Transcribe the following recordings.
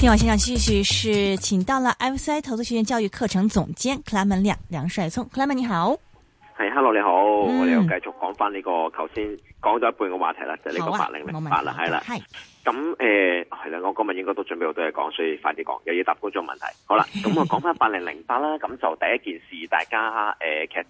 電話線上繼續是請到了 F C I 投資學院教育課程總監 Clayman 梁梁帥聰，Clayman 你好，係、hey,，Hello 你好，嗯、我哋又繼續講翻呢個頭先講咗一半嘅話題啦，就呢、是、個八零零八啦，係、這、啦、個，咁誒係啦，我今日應該都準備好多嘢講，所以快啲講，又要答觀眾問題，好啦，咁 我講翻八零零八啦，咁就第一件事，大家誒其實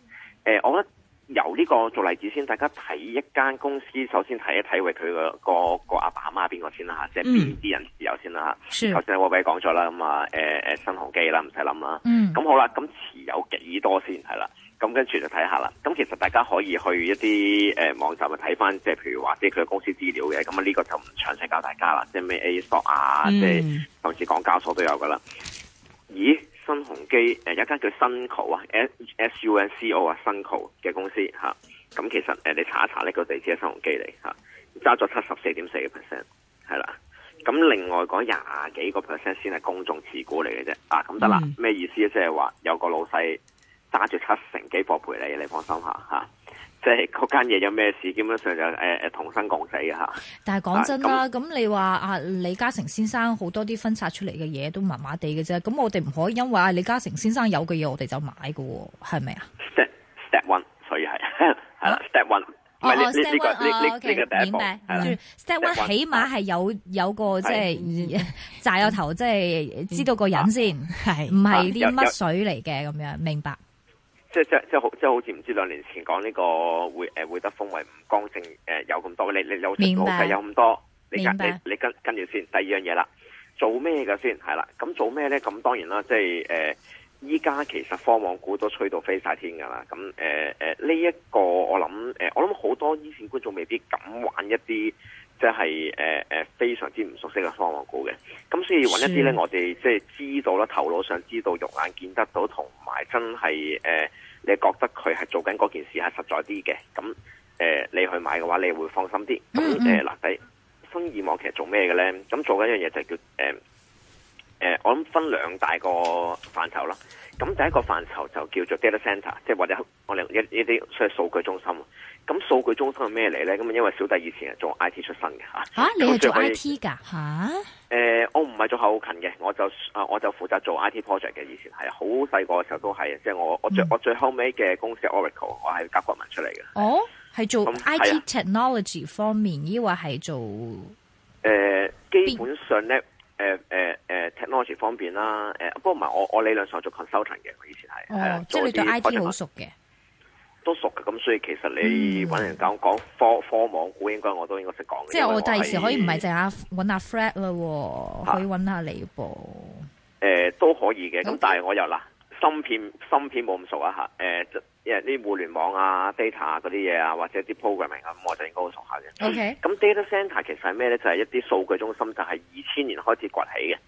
誒，我覺得。由呢個做例子先，大家睇一間公司，首先睇一睇佢個個個阿爸阿媽邊個先啦，即係邊啲人持有先啦。頭先我俾你講咗啦，咁啊誒新鴻基啦，唔使諗啦。咁、嗯、好啦，咁持有幾多先係啦？咁跟住就睇下啦。咁其實大家可以去一啲、呃、網站去睇翻，即係譬如話即係佢嘅公司資料嘅。咁啊呢個就唔詳細教大家啦，即係咩 A stock 啊、嗯，即係頭先講港交所都有噶啦。咦？新鴻基誒，呃、有一間叫新球啊 S,，S S U N C O 球的啊，新球嘅公司吓，咁、啊、其實誒、啊，你查一查呢個地址係新鴻基嚟，吓，揸咗七十四點四個 percent 係啦，咁另外嗰廿幾個 percent 先係公眾持股嚟嘅啫，啊，咁得啦，咩、啊啊、意思就是說，即係話有個老細揸住七成幾博賠你，你放心下吓。啊啊即係嗰間嘢，有咩事，基本上就誒誒，同生共死㗎。吓、啊。但係講真啦，咁、啊、你話啊李嘉誠先生好多啲分拆出嚟嘅嘢都麻麻地嘅啫。咁我哋唔可以因為啊李嘉誠先生有嘅嘢，我哋就買喎，係咪啊？step one，所以係係啦，step one、啊。哦，step one，我我我明白。step one 起碼係有、啊、有個即係扎有頭、就是，即、嗯、係知道個人先，係唔係啲乜水嚟嘅咁樣？明白。即即即好，即好即好似唔知兩年前講呢個會，會得封為唔乾淨，有咁多你你有清楚係有咁多，你跟你，你，你，你跟跟住先第二樣嘢啦，做咩嘅先係啦？咁做咩咧？咁當然啦，即係誒依家其實科網股都吹到飛曬天噶啦。咁誒誒呢一個我諗、呃、我諗好多以前觀眾未必敢玩一啲，即係誒非常之唔熟悉嘅科網股嘅，咁所以揾一啲咧，我哋即係知道啦，頭腦上知道、肉眼見得到，同埋真係誒、呃，你覺得佢係做緊嗰件事係實在啲嘅，咁誒、呃、你去買嘅話，你會放心啲。咁誒嗱，第、呃、新意網其實做咩嘅咧？咁做緊一樣嘢就係叫誒。呃誒、呃，我諗分兩大個範疇啦。咁第一個範疇就叫做 data center，即係或者我哋一呢啲所謂數據中心。咁數據中心係咩嚟咧？咁因為小弟以前係做 I T 出身嘅吓。吓、啊，你係做 I T 噶？吓，誒，我唔係、啊呃、做後勤嘅，我就啊，我就負責做 I T project 嘅。以前係好細個嘅時候都係、嗯，即係我我最我最後尾嘅公司 Oracle，我係甲國文出嚟嘅。哦，係做 I T technology、嗯、方面，抑、啊、或係做誒、呃，基本上咧。誒誒誒，technology 方面啦。誒、uh,，不過唔係，我我理論上做 consultant 嘅，我以前係，即係你對 I T 好熟嘅，都熟嘅。咁所以其實你揾人教講科科網股，應該我都應該識講嘅。即係我第時可以唔係淨係揾下 Fred 啦，可以揾下你噃。誒、uh,，都可以嘅。咁、okay. 但係我又啦。芯片芯片冇咁熟啊吓，誒、呃，因為啲互聯網啊、data 嗰啲嘢啊，或者啲 programming 啊，咁我就應該好熟下嘅。OK，咁 data center 其實係咩呢？就係、是、一啲數據中心，就係二千年開始崛起嘅。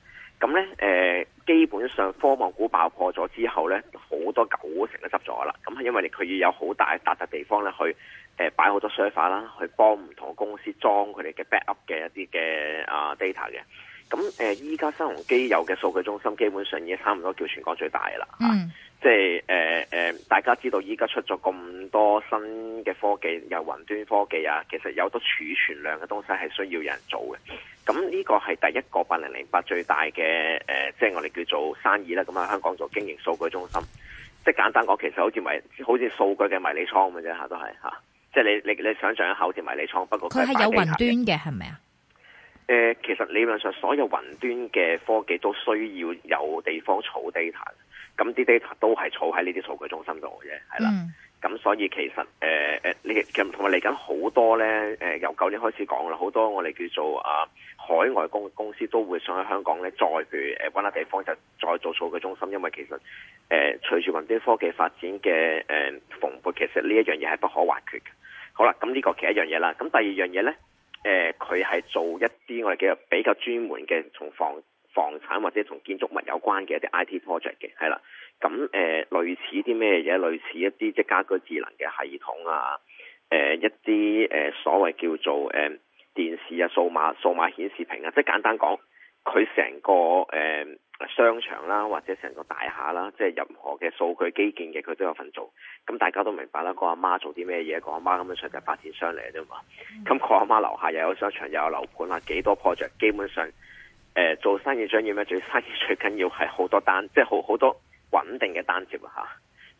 咁呢，誒、呃，基本上科網股爆破咗之後呢，好多九成都執咗啦。咁係因為佢要有好大笪笪地方呢、呃，去誒擺好多 server 啦，去幫唔同公司裝佢哋嘅 backup 嘅一啲嘅啊 data 嘅。咁誒，依家新鴻基有嘅數據中心，基本上已經差唔多叫全國最大啦。嗯。即係誒誒大家知道依家出咗咁多新嘅科技，又雲端科技啊，其實有多儲存量嘅東西係需要有人做嘅。咁呢個係第一個八零零八最大嘅誒，即係我哋叫做生意啦。咁喺香港做經營數據中心，即係簡單講，其實好似迷好似數據嘅迷你倉咁啫嚇，都係嚇。即係你你你想像一下好似迷你倉，不過佢係有雲端嘅，係咪啊？誒、呃，其實理論上所有雲端嘅科技都需要有地方儲 data，咁啲 data 都係儲喺呢啲數據中心度嘅，係啦。咁、嗯、所以其實誒誒，你同埋嚟緊好多咧，誒、呃、由舊年開始講啦，好多我哋叫做啊海外公公司都會想喺香港咧，再去如誒搵下地方就再做數據中心，因為其實誒隨住雲端科技發展嘅誒、呃、蓬勃，其實呢一樣嘢係不可或缺嘅。好啦，咁呢個其一樣嘢啦，咁第二樣嘢咧。誒、呃，佢係做一啲我哋叫比較專門嘅，從房房產或者同建築物有關嘅一啲 I T project 嘅，係啦。咁誒、呃，類似啲咩嘢，類似一啲即家居智能嘅系統啊，誒、呃，一啲誒、呃、所謂叫做誒、呃、電視啊，數碼數碼顯示屏啊，即係簡單講，佢成個誒。呃商場啦，或者成個大廈啦，即係任何嘅數據基建嘅，佢都有份做。咁大家都明白啦，個阿媽做啲咩嘢？個阿媽根本上就發展商嚟嘅啫嘛。咁個阿媽樓下又有商場，又有樓盤啦，幾多 project？基本上，誒、呃，做生意重要咩？最生意最緊要係好多單，即係好好多穩定嘅單接啊！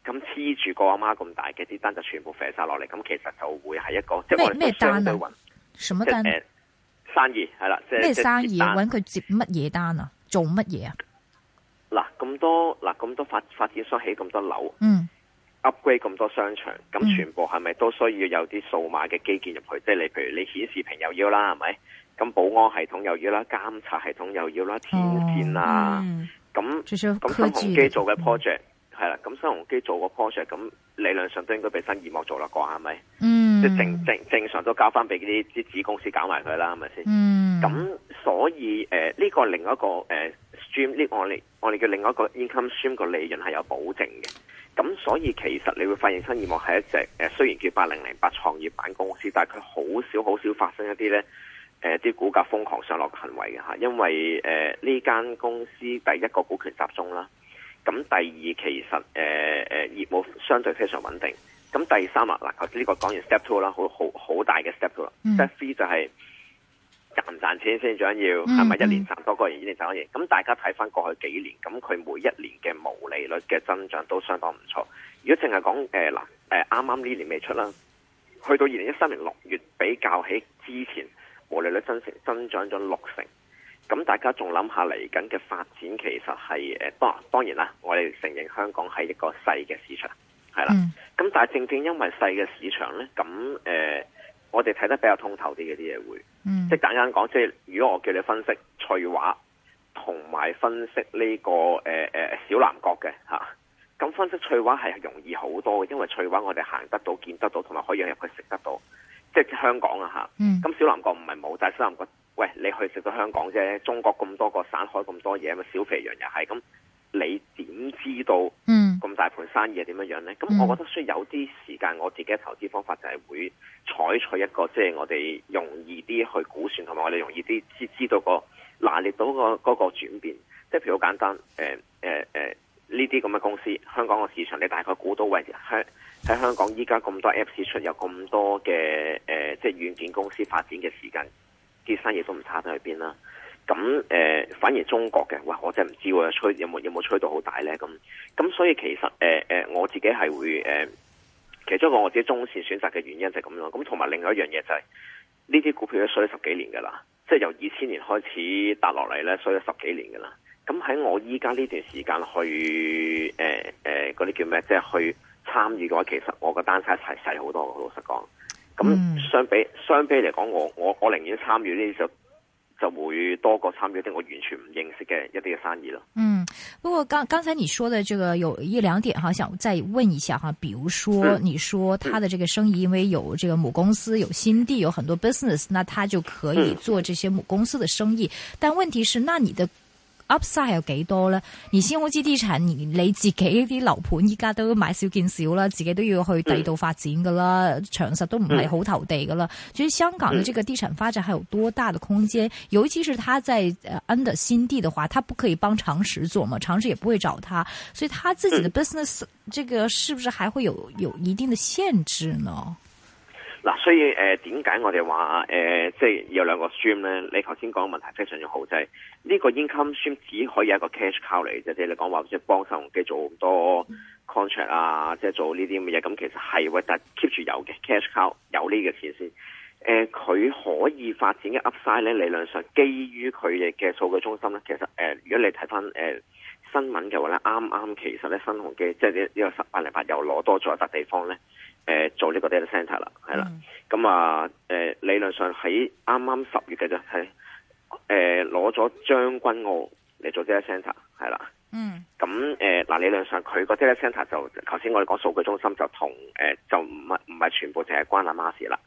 吓，咁黐住個阿媽咁大嘅啲單就全部射晒落嚟，咁其實就會係一個即係咩單啊？什麼單？生意係啦，即係咩生意？搵佢接乜嘢單啊？做乜嘢啊？咁多嗱，咁多發發展商起咁多樓、嗯、，upgrade 咁多商場，咁全部係咪都需要有啲數碼嘅基建入去？嗯、即係你譬如你顯示屏又要啦，係咪？咁保安系統又要啦，監察系統又要啦，天線啊，咁、嗯、咁、嗯、新鴻基做嘅 project 係啦，咁新鴻基做個 project，咁理論上都應該俾新業務做啦啩？係咪？嗯，即係正正正常都交翻俾啲啲子公司搞埋佢啦，係咪先？嗯。咁所以誒呢、呃，這個另一個誒、呃、stream 呢個我哋我哋叫另一個 income stream 嘅利潤係有保證嘅。咁所以其實你會發現新業務係一隻、呃、雖然叫八零零八創業板公司，但係佢好少好少發生一啲咧誒啲股價瘋狂上落嘅行為嘅嚇，因為呢間、呃、公司第一個股權集中啦，咁第二其實誒、呃、業務相對非常穩定，咁第三啊嗱，頭先呢個講完 step two 啦，好好好大嘅 step two 啦、嗯、，step three 就係、是。賺唔賺錢先，最緊要係咪一年賺多個億，一年賺多億？咁大家睇翻過去幾年，咁佢每一年嘅毛利率嘅增長都相當唔錯。如果淨係講誒嗱誒，啱啱呢年未出啦，去到二零一三年六月，比較起之前毛利率增成增長咗六成。咁大家仲諗下嚟緊嘅發展，其實係誒、呃，當然當然啦，我哋承認香港係一個細嘅市場，係啦。咁、mm -hmm. 但係正正因為細嘅市場咧，咁誒。呃我哋睇得比較通透啲嘅啲嘢會，即係簡單講，即係如果我叫你分析翠華同埋分析呢、這個誒誒、呃呃、小南國嘅嚇，咁、啊、分析翠華係容易好多嘅，因為翠華我哋行得到、見得到，同埋可以行入去食得到，即係香港啊嚇。咁、嗯、小南國唔係冇，但係小南國，喂，你去食到香港啫，中國咁多個省開咁多嘢，咁小肥羊又係，咁你點知道？嗯。咁大盤生意係點樣樣呢？咁我覺得需要有啲時間，我自己嘅投資方法就係會採取一個即係、即係、我哋容易啲去估算，同埋我哋容易啲知知道、個拿捏到、個嗰、個轉變。即係譬如好簡單，誒誒呢啲咁嘅公司，香港嘅市場你大概估到，喂，香喺香港依家咁多 Apps 出有咁多嘅、呃、即係軟件公司發展嘅時間，啲生意都唔差得去邊啦。咁誒、呃，反而中國嘅，哇！我真係唔知喎，吹有冇有冇吹到好大咧？咁咁，所以其實誒、呃呃、我自己係會誒、呃，其中一個我自己中線選擇嘅原因就係咁咯。咁同埋另外一樣嘢就係呢啲股票都衰咗十幾年噶啦，即係由二千年開始跌落嚟咧，衰咗十幾年噶啦。咁喺我依家呢段時間去誒誒嗰啲叫咩？即係去參與嘅話，其實我個單差係細好多嘅，老實講。咁相比、嗯、相比嚟講，我我我寧願參與呢啲就。就會多過參與一啲我完全唔認識嘅一啲嘅生意咯。嗯，不過剛剛才你說的這個有一兩點，哈，想再問一下哈，比如說你說他的這個生意、嗯、因為有這個母公司有新地有很多 business，那他就可以做這些母公司的生意，嗯、但問題是，那你的？Upside 有幾多呢？你先好似地產，你，你自己啲樓盤依家都買少見少啦，自己都要去第二度發展噶啦，長、嗯、實都唔係好投地嘅啦。所以香港嘅這個地產發展還有多大的空間？尤其是他在 under 新地的話，他不可以幫長實做嘛，長實也不會找他，所以他自己嘅 business 這個是不是還會有有一定嘅限制呢？嗱、啊，所以誒點解我哋話誒，即係有兩個 stream 咧？你頭先講問題非常之好，就係、是、呢個 income stream 只可以有一個 cash cow 嚟，即係你講話或者幫新鴻基做好多 contract 啊，即係做呢啲咁嘅嘢，咁其實係喂但係 keep 住有嘅 cash cow 有呢個錢先。誒、呃，佢可以發展嘅 upside 咧，理論上基於佢哋嘅數據中心咧，其實、呃、如果你睇翻、呃、新聞嘅話咧，啱啱其實咧新鴻基即係呢個十八零八又攞多咗笪地方咧。誒做呢個 data center 啦，係、嗯、啦，咁啊誒理論上喺啱啱十月嘅啫，係誒攞咗將軍澳嚟做 data center，係啦，嗯，咁誒嗱理論上佢個 data center 就頭先我哋講數據中心就同誒、呃、就唔係唔係全部淨係關阿媽事啦，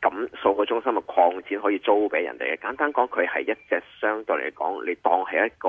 咁數據中心嘅擴展可以租俾人哋嘅，簡單講佢係一隻相對嚟講，你當係一個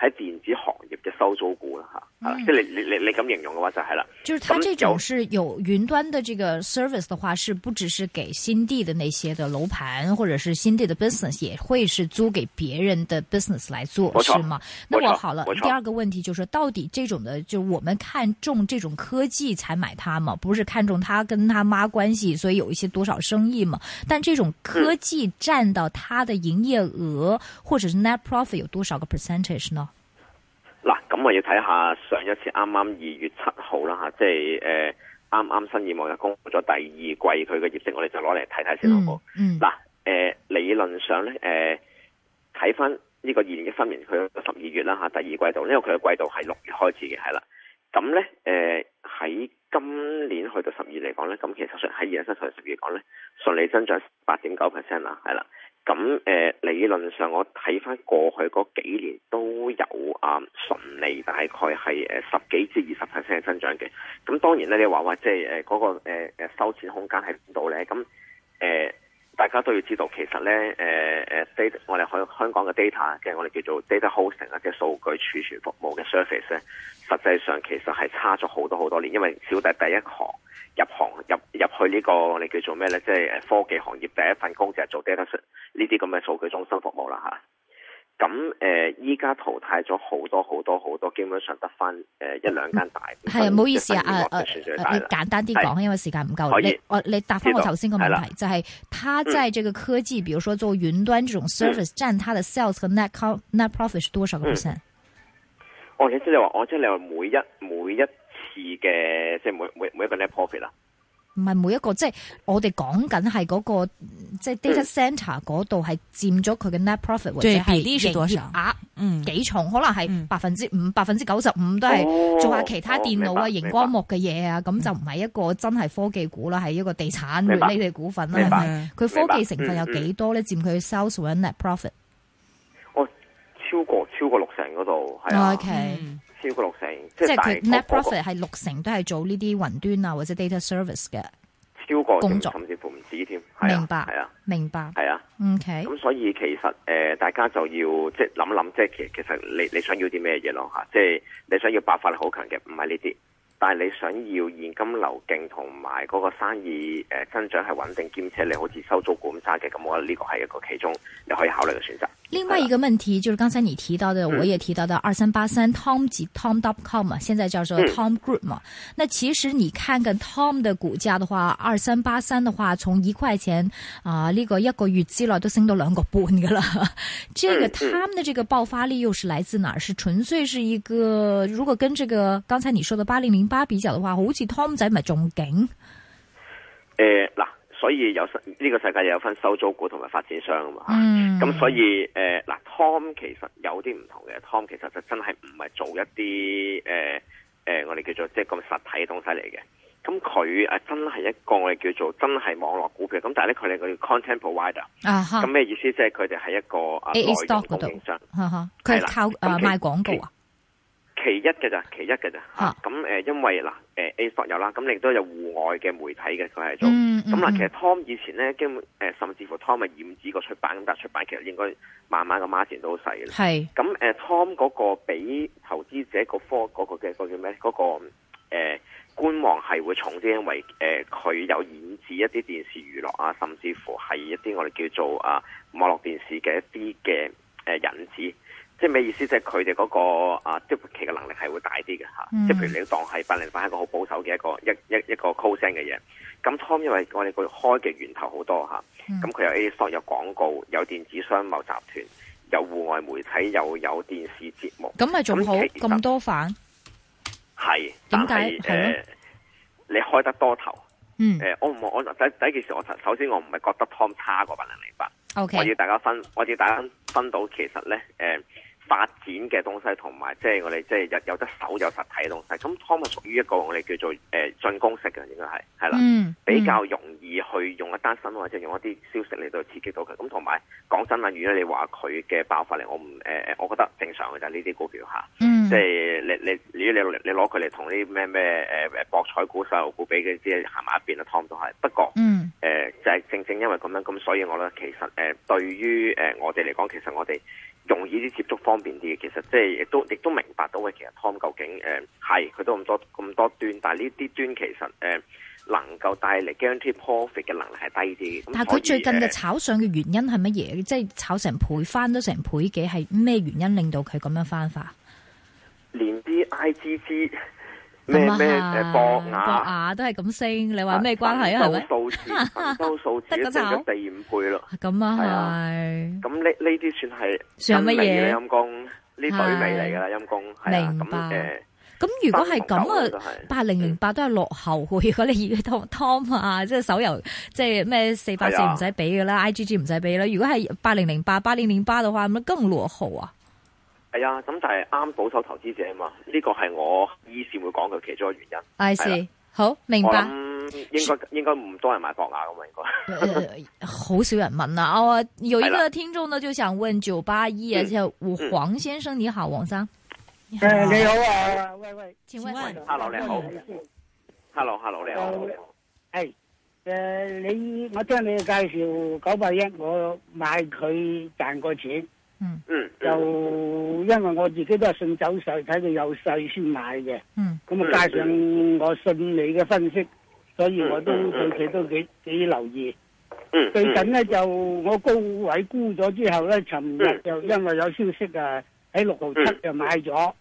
喺電子行業嘅收租股啦吓。啊！即係你你你你咁形容嘅話就係啦。就係、是、他這種是有雲端的這個 service 嘅話，是不只是給新地的那些的樓盤，或者是新地的 business 也會是租給別人的 business 來做，是嗎？那麼好了，第二個問題就是到底這種的就我們看中這種科技才買它嘛，不是看中他跟他媽關係，所以有一些多少生意嘛？但這種科技佔到它的營業額、嗯、或者是 net profit 有多少個 percentage 呢？咁我要睇下上一次啱啱二月七號啦嚇、啊，即係啱啱新意網一公布咗第二季佢嘅業績，我哋就攞嚟睇睇先好。嗱、嗯嗯呃、理論上咧睇翻呢、呃、看看個二零一三年，佢十二月啦嚇、啊，第二季度，因為佢嘅季度係六月開始嘅係啦。咁咧喺今年去到十二月嚟講咧，咁其實上喺二零一三年十二月講咧，順利增長八點九 percent 啦，係啦。咁誒、呃、理論上，我睇返過去嗰幾年都有啊純利，大概係十幾至二十 percent 嘅增長嘅。咁當然呢，你話話即係嗰個、呃、收錢空間喺邊度呢？咁誒。呃大家都要知道，其實呢，誒、呃、誒我哋香港嘅 data 嘅我哋叫做 data hosting 啊嘅數據儲存服務嘅 service 咧，實際上其實係差咗好多好多年，因為小弟第一行入行入入去呢、呢個我哋叫做咩呢？即、就、係、係、科技行業第一份工就係做 data 呢啲咁嘅數據中心服務啦吓。咁誒，依、呃、家淘汰咗好多好多好多，基本上得翻誒一兩間大。係、嗯、啊，唔、嗯、好意思啊啊，啊你簡單啲講，因為時間唔夠。你啊、我你答翻我頭先個問題，就係、是、他在這個科技，比如說做雲端這種 service，佔他的 sales 和 net net profit 是多少個 percent？、嗯嗯、哦，即係你，你我即係你話每一每一次嘅即係每每每一個 net profit 啦、啊。唔係每一個，即係我哋講緊係嗰個，即係 data center 嗰度係佔咗佢嘅 net profit、嗯、或者係盈額，嗯，幾重可能係百分之五、百分之九十五都係做下其他電腦啊、熒、哦、光幕嘅嘢啊，咁就唔係一個真係科技股啦，係一個地產呢啲股份啦，係咪？佢科技成分有幾多咧？占、嗯、佢、嗯、sales 或者 net profit？我、哦、超過超過六成嗰度係。OK、嗯。超過六成，即係佢 net profit 係六成都係做呢啲雲端啊，或者 data service 嘅，超過工作甚至乎唔止添。明白，係啊，明白，係啊，啊，OK。咁所以其實誒、呃，大家就要即係諗諗，即係其實你想要什麼你想要啲咩嘢咯嚇？即係你想要爆發力好強嘅，唔係呢啲，但係你想要現金流勁同埋嗰個生意誒增、呃、長係穩定兼且你好似收租股咁嘅，咁我覺得呢個係一個其中你可以考慮嘅選擇。另外一個問題、啊、就是剛才你提到的，嗯、我也提到的二三八三 Tom 及 Tom.com 嘛，現在叫做 Tom Group 嘛、嗯。那其實你看看 Tom 的股價的話，二三八三的話，從一塊錢啊，呢、這個一個月之內都升到兩個半噶啦。這個、嗯、他們的這個爆發力又是來自哪是純粹是一個？如果跟這個剛才你說的八零零八比較的話，吳啟 Tom 在買中景。誒、呃，嗱。所以有呢、這個世界又有分收租股同埋發展商啊嘛，咁、嗯、所以誒嗱、呃、Tom 其實有啲唔同嘅，Tom 其實就真係唔係做一啲誒誒我哋叫做即係咁實體嘅東西嚟嘅，咁佢誒真係一個我哋叫做真係網絡股票，咁但係咧佢哋叫 content provider 咁、啊、咩意思即係佢哋係一個外國嘅供應商，佢、啊、係靠誒、uh, 賣廣告啊。其一嘅咋，其一嘅咋嚇。咁、啊、誒，因為嗱誒，A Four 有啦，咁亦都有戶外嘅媒體嘅佢係做。咁、嗯、啊、嗯嗯嗯嗯，其實 Tom 以前咧，經誒甚至乎 Tom 係染指個出版咁，但係出版其實應該慢慢的、啊、個 market 都細嘅。係。咁誒，Tom 嗰個俾投資者個科嗰、嗰個嘅、嗰個叫咩？嗰、嗰個官、呃、觀望係會重啲，因為誒佢、呃、有染指一啲電視娛樂啊，甚至乎係一啲我哋叫做啊網絡電視嘅一啲嘅誒引子。呃即係咩意思、那個？即係佢哋嗰個啊，短期嘅能力係會大啲嘅吓。即、嗯、係譬如你當係八零八一個好保守嘅一個一一一,一個高升嘅嘢。咁 Tom 因為我哋佢開嘅源頭好多吓，咁、嗯、佢、嗯、有 A 有廣告，有電子商貿集團，有戶外媒體，又有，有電視節目。咁咪仲好咁多反？係點解？但係你開得多頭。嗯。呃、我唔我第第一件事，我首先我唔係覺得 Tom 差過八零零八。Okay. 我要大家分，我要大家分到其實咧，誒、呃、發展嘅東西同埋，即係我哋即係有有得手有實體嘅東西。咁湯咪屬於一個我哋叫做誒進、呃、攻式嘅，應該係係啦、嗯，比較容易去用一單新聞或者用一啲消息嚟到刺激到佢。咁同埋講真話，例如果你話佢嘅爆發力，我唔、呃、我覺得正常嘅就係呢啲股票嚇，即係你你如果你你攞佢嚟同啲咩咩誒博彩股、受股比嘅，即係行埋一邊啦，湯都係。不過，嗯。誒、呃，就係、是、正正因為咁樣，咁所以我咧，其實誒、呃，對於誒、呃、我哋嚟講，其實我哋容易啲接觸，方便啲嘅。其實即係亦都亦都明白到，都會其實 Tom 究竟誒係佢都咁多咁多端，但係呢啲端其實誒、呃、能夠帶嚟 guarantee profit 嘅能力係低啲。但係佢最近嘅炒上嘅原因係乜嘢？即、就、係、是、炒成倍，翻都成倍幾，係咩原因令到佢咁樣翻化？連啲 IGG。咩咩博，博雅都係咁升，你話咩關係係咪？到數字，到數字，一第五倍咯。咁啊係，咁呢呢啲算係上乜嘢？陰公呢隊尾嚟噶啦陰公係啦。明白。咁如果係咁啊，八零零八都係落後，嗯。如果你 Tom Tom 啊，即係手遊，即係咩四百四唔使俾噶啦，I G G 唔使俾啦。如果係八零零八八零零八嘅話，咪更落後啊！係、哎、啊，咁就係啱保守投資者啊嘛，呢個係我以前會講嘅其中一個原因。係啦，好明白。我諗應該應該唔多人買博雅噶嘛，應該、 嗯。好少人問啊！我、哦、有一個聽眾呢，就想問九八一啊，叫黃先生、嗯，你好，黃生。誒，你好啊！喂、嗯、喂、嗯，請問。Hello 你好。Hello Hello 你好。你、uh, 好你好。誒，誒，你我聽你介紹九百一，我, 9001, 我買佢賺過錢。嗯嗯， 就因為我自己都係信走勢，睇佢有勢先買嘅。嗯，咁 啊，加上我信你嘅分析，所以我都對佢都幾幾留意。嗯，最近咧就我高位沽咗之後咧，尋日又因為有消息啊，喺六毫七又買咗。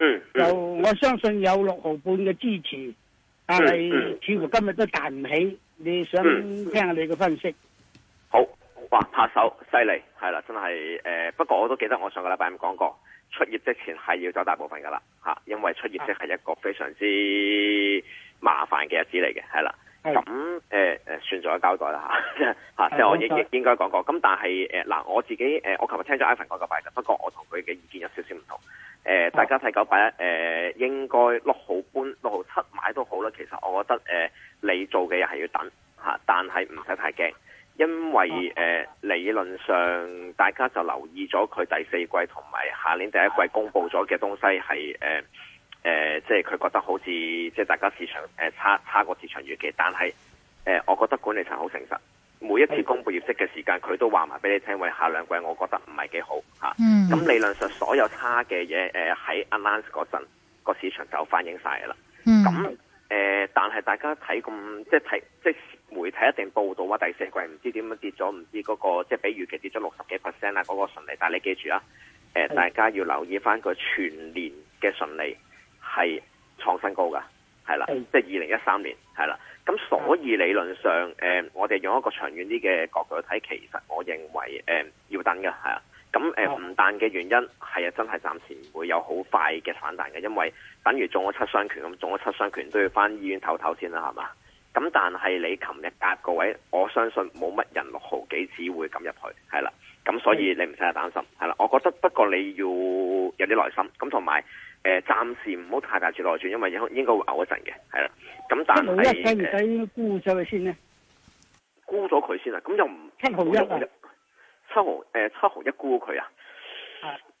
嗯，就我相信有六毫半嘅支持，但係似乎今日都彈唔起。你想聽下你嘅分析？哇！拍手犀利，係啦，真係誒、呃。不過我都記得我上個禮拜咁講過，出業之前係要走大部分噶啦、啊、因為出業即係一個非常之麻煩嘅日子嚟嘅，係啦。咁誒、嗯呃、算咗交代啦嚇，即係我應應該講過。咁但係誒嗱，我自己誒、呃，我琴日聽咗 Ivan 講九百，不過我同佢嘅意見有少少唔同。誒、呃啊，大家睇九百一、呃、應該六號半，六號七買都好啦。其實我覺得誒、呃，你做嘅係要等、啊、但係唔使太驚。因為誒、呃、理論上大家就留意咗佢第四季同埋下年第一季公布咗嘅東西係誒誒，即係佢覺得好似即係大家市場誒、呃、差差過市場預期，但係誒、呃、我覺得管理層好誠實，每一次公布業績嘅時間佢都話埋俾你聽，喂，下兩季我覺得唔係幾好吓。咁、嗯啊、理論上所有差嘅嘢誒喺、呃、announce 嗰陣個市場就反映晒啦。咁、嗯、誒、呃，但係大家睇咁即係睇即，即媒體一定報道話第四季唔知點樣跌咗，唔知嗰、嗰個即係比預期跌咗六十幾 percent 嗰個純利，但你記住啊，呃、大家要留意翻佢全年嘅純利係創新高噶，係啦，即係二零一三年係啦。咁所以理論上、呃、我哋用一個長遠啲嘅角度睇，其實我認為誒、呃、要等嘅係啊。咁唔彈嘅原因係啊，真係暫時唔會有好快嘅反彈嘅，因為等於中咗七傷拳咁，中咗七傷拳都要翻醫院唞唞先啦，係嘛？咁但係你琴日隔個位，我相信冇乜人六毫幾紙會咁入去，係啦。咁所以你唔使擔心，係啦。我覺得不過你要有啲耐心，咁同埋誒暫時唔好太大處落注，因為應應該會嘔一陣嘅，係啦。咁但係七毫一使唔使沽咗佢先咧？沽咗佢先啊！咁又唔七毫一啊？七毫誒、呃、七毫一沽佢啊？誒、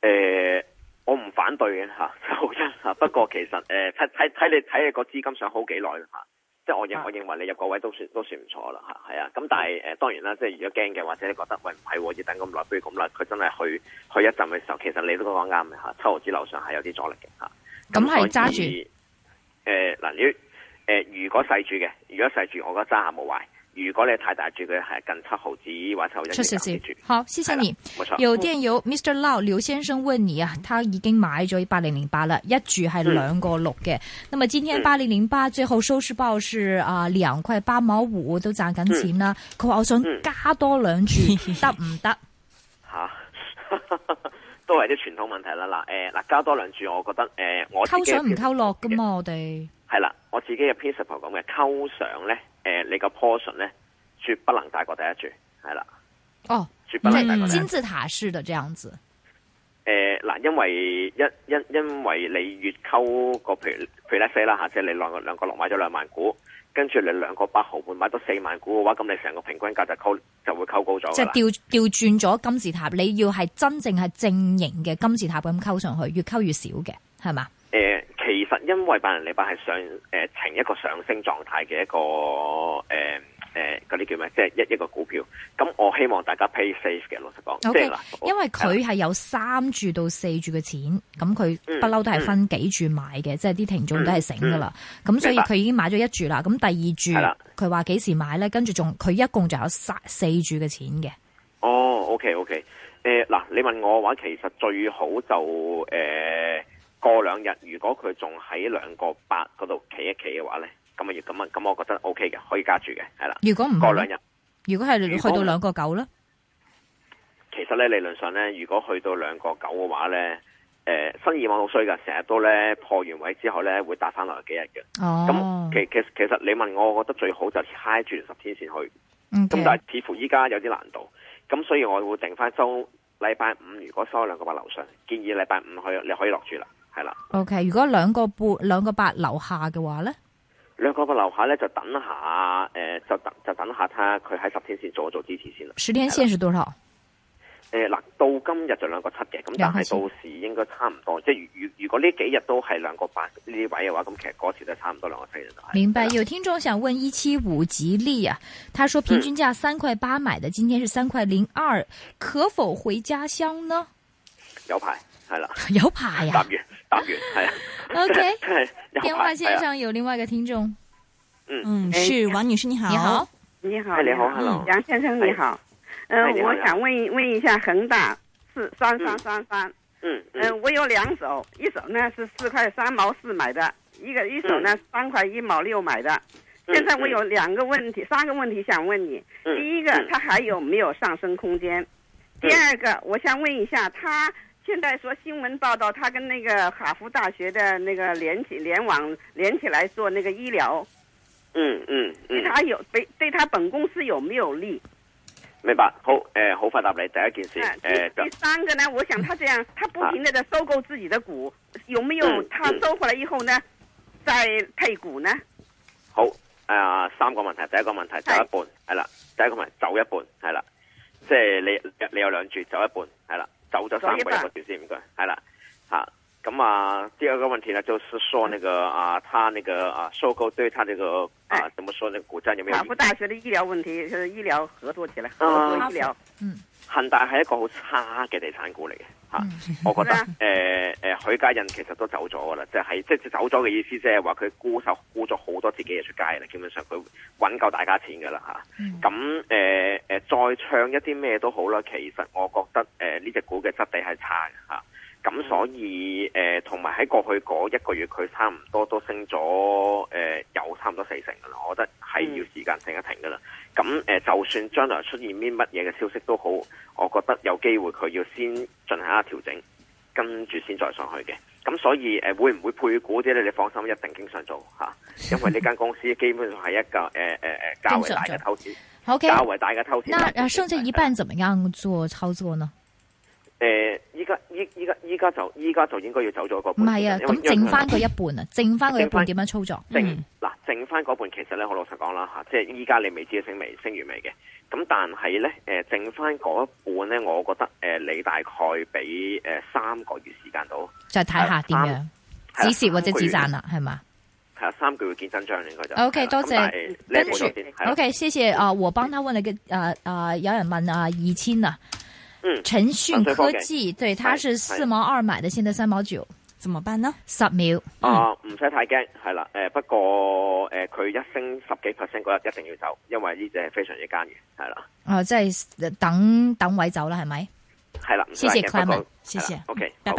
呃，我唔反對嘅吓，七毫一吓。不過其實誒睇睇睇你睇你個資金想好幾耐吓。即係我認，我認為你入個位都算都算唔錯啦嚇，係啊。咁但係誒當然啦，即係如果驚嘅，或者你覺得喂，唔係要等咁耐，不如咁啦。佢真係去去一陣嘅時候，其實你都講啱嘅嚇，七毫子樓上係有啲阻力嘅嚇，咁係揸住誒嗱，呃、你誒如果細住嘅，如果細住，我覺得揸下冇壞。Paper, 如果你太大住佢係近七毫紙或者七毫一，好，謝謝你。有電郵、嗯、Mr. Lau 劉先生問你啊，他已經買咗八零零八啦，一住係兩個六嘅、嗯。那麼今天八零零八最後收市報是啊兩塊八毛五都賺緊錢啦。佢、嗯、話我想加多兩住得唔得？吓、嗯，行行 都係啲傳統問題啦嗱。誒、呃、嗱，加多兩住，我覺得誒，我溝上唔溝落噶嘛？我哋係啦，我自己嘅 principle 咁嘅，溝上咧。誒、呃，你個 portion 咧，絕不能大過第一注，係啦。哦，絕不能即係、嗯、金字塔式的這樣子。誒，嗱，因為一因為因為你越溝個譬如咧些啦吓，即係你兩兩個六買咗兩萬股，跟住你兩個八毫半買多四萬股嘅話，咁你成個平均價就溝就會溝高咗。即係調調轉咗金字塔，你要係真正係正，正型嘅金字塔咁溝上去，越溝越少嘅，係嘛？其實因為百人禮拜係上誒、呃、呈、呈一個上升狀態嘅一個誒誒嗰啲叫咩？即係一一個股票。咁我希望大家 pay safe 嘅老實講。即係嗱，因為佢係有三注到四注嘅錢，咁佢不嬲都係分幾注買嘅、嗯，即係啲聽眾都係醒噶啦。咁、嗯嗯、所以佢已經買咗一注啦。咁第二注佢話幾時買咧？跟住仲佢一共就有三四注嘅錢嘅。哦，OK OK，誒、呃、嗱，你問我嘅話，其實最好就誒。呃過兩日，如果佢仲喺兩個八嗰度企一企嘅話呢，咁啊要咁啊，咁我覺得 O K 嘅，可以加住嘅，係啦。如果唔過兩日，如果係去到兩個九呢？其實呢，理論上呢，如果去到兩個九嘅話呢，誒、呃，新意網好衰噶，成日都呢，破完位之後呢，會打翻落去幾日嘅。咁、哦嗯、其其其實你問我，我覺得最好就嗨住十天線先去。咁、okay。但係似乎依家有啲難度，咁所以我會定翻周禮拜五，如果收兩個八樓上，建議禮拜五去，你可以落住啦。係啦，OK。如果兩個半、兩個八樓下嘅話咧，兩個八樓下咧就等下，誒、呃，就等就等下睇下佢喺十天線做唔做支持先啦。十天線是多少？誒，嗱、呃，到今日就兩個七嘅，咁但係到時應該差唔多，即係如如果呢幾日都係兩個八呢位嘅話，咁其實嗰次都差唔多兩個四嘅、就是。明白。有聽眾想問一七五吉利啊，他說平均價三塊八買嘅，今天是三塊零二，可否回家鄉呢？有排係啦，有排呀、啊。打完，係、哎、OK、哎。電話線上有另外一個聽眾，嗯、哎、嗯，是王女士你好，你好，你好，你好，梁、嗯、先生你好，嗯、哎呃，我想問問一下恒大是三三三三，嗯嗯，嗯、呃，我有兩手，一手呢是四塊三毛四買的一個，一手呢三、嗯、塊一毛六買的，現在我有兩個問題，嗯嗯、三個問題想問你，嗯嗯、第一個它還有沒有上升空間？第二個、嗯、我想問一下它。現在說新聞報道，他跟那個哈佛大學的那個連起聯網連起來做那個醫療，嗯嗯嗯，對他有對對他本公司有沒有利？明白，好誒、呃，好回答你第一件事誒、啊呃。第三個呢，我想他這樣，他不停的在收購自己的股，啊、有沒有？他收回來以後呢，嗯、再配股呢？好，啊、呃、三個問題，第一個問題走一半，係啦，第一個問題走一半，係啦，即、就、係、是、你你有兩注走一半，係啦。走咗三百個 percent 係啦，吓咁啊，啊，第二個問題呢就是說那個啊，他那個啊，收購對他這個啊，怎麼說呢，股債有沒有？哈、啊、佛大學的醫療問題，就是醫療合作起來，啊、合作醫療，很嗯，恒大係一個好差嘅地產股嚟嘅。嗯吓， 我覺得誒誒許家印其實都走咗噶啦，就係即係走咗嘅意思是說他，即係話佢沽手沽咗好多自己嘢出街啦，基本上佢搵夠大家錢噶啦吓。咁誒誒，再唱一啲咩都好啦，其實我覺得誒呢隻股嘅質地係差吓。啊咁所以，誒同埋喺過去嗰一個月，佢差唔多都升咗，誒、呃、有差唔多四成㗎喇。我覺得係要時間停一停㗎喇。咁、嗯、誒、呃，就算將來出現啲乜嘢嘅消息都好，我覺得有機會佢要先進行下調整，跟住先再上去嘅。咁所以誒、呃，會唔會配股啲咧？你放心，一定經常做、啊、因為呢間公司基本上係一個誒誒誒較為大嘅投資，較為大嘅投，okay. 投，okay. 投資。那剩下一半，怎麼樣做操作呢？嗯誒、呃，依家依依家依家就依家就應該要走咗嗰半，唔係啊，咁剩翻佢一半啊，剩翻佢一半點樣操作？剩嗱剩翻嗰半，其實咧好老實講啦吓，即係依家你未知升未升完未嘅，咁但係咧誒剩翻嗰一半咧，我覺得誒你大概俾誒三個月時間到，再、就、睇、是、下點樣，止蝕或者止賺啦，係嘛？係啊，三個月見真章應該就。O、okay, K 多謝，跟住 O K 謝謝啊、嗯呃，我幫他問你嘅啊、呃呃，有人問啊二千啊。騰、嗯、訊科,、嗯、科技，對，它是四毛二買的，現在三毛九，怎麼辦呢？十秒、嗯，啊，唔使太驚，係啦，誒、呃，不過，誒、呃，佢一升十幾 percent 嗰日一定要走，因為呢隻係非常之堅嘅，係啦，哦、啊，即係等等位走啦，係咪？係啦，謝謝 Clement，謝謝,謝,謝，OK，拜拜。